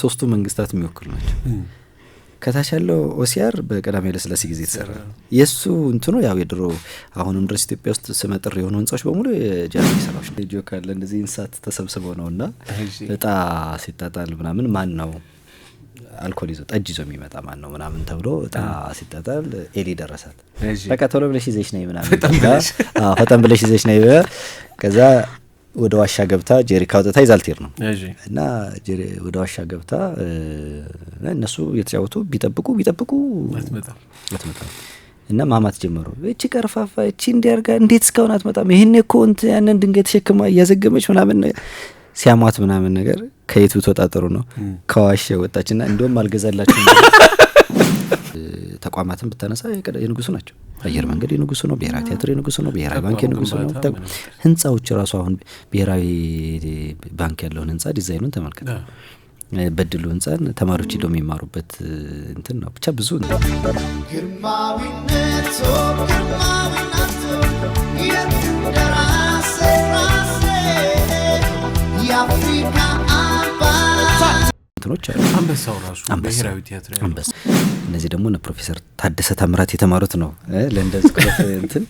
ሶስቱ መንግስታት የሚወክሉ ናቸው። ከታች ያለው ኦሲያር በቀዳማዊ ኃይለ ጊዜ የተሰራ የእሱ እንትኑ ያው የድሮ አሁንም ድረስ ኢትዮጵያ ውስጥ ስመጥር የሆኑ ህንጻዎች በሙሉ የጃንሆይ ስራዎች ጆ ካለ እንደዚህ እንስሳት ተሰብስበው ነው እና እጣ ሲጣጣል ምናምን ማን ነው አልኮል ይዞ ጠጅ ይዞ የሚመጣ ማን ነው ምናምን ተብሎ እጣ ሲጣጣል ኤሊ ደረሳት። በቃ ቶሎ ብለሽ ይዘሽ ነይ ምናምን ፈጠን ብለሽ ይዘሽ ነይ ከዛ ወደ ዋሻ ገብታ ጄሪካ ወጥታ ይዛልቴር ነው እና ወደ ዋሻ ገብታ እነሱ የተጫወቱ ቢጠብቁ ቢጠብቁ እና ማማት ጀመሩ። እቺ ቀርፋፋ እቺ እንዲያርጋ እንዴት እስካሁን አትመጣም? ይህን እኮ እንትን ያንን ድንጋይ ተሸክማ እያዘገመች ምናምን ሲያሟት ምናምን ነገር ከየቱ ተወጣጠሩ ነው ከዋሻ ወጣችና እንዲሁም አልገዛላችሁ ተቋማትን ብታነሳ የንጉሱ ናቸው። አየር መንገድ የንጉሱ ነው። ብሔራዊ ቲያትር የንጉሱ ነው። ብሔራዊ ባንክ የንጉሱ ነው። ህንፃዎች ራሱ አሁን ብሔራዊ ባንክ ያለውን ህንፃ ዲዛይኑን ተመልከተ። በድሉ ህንፃን ተማሪዎች ሄደው የሚማሩበት እንትን ነው። ብቻ ብዙ እንትኖች አሉ። አንበሳው ራሱ ብሔራዊ ቲያትር አንበሳ። እነዚህ ደግሞ ፕሮፌሰር ታደሰ ታምራት የተማሩት ነው ለንደን ስኩል እንትን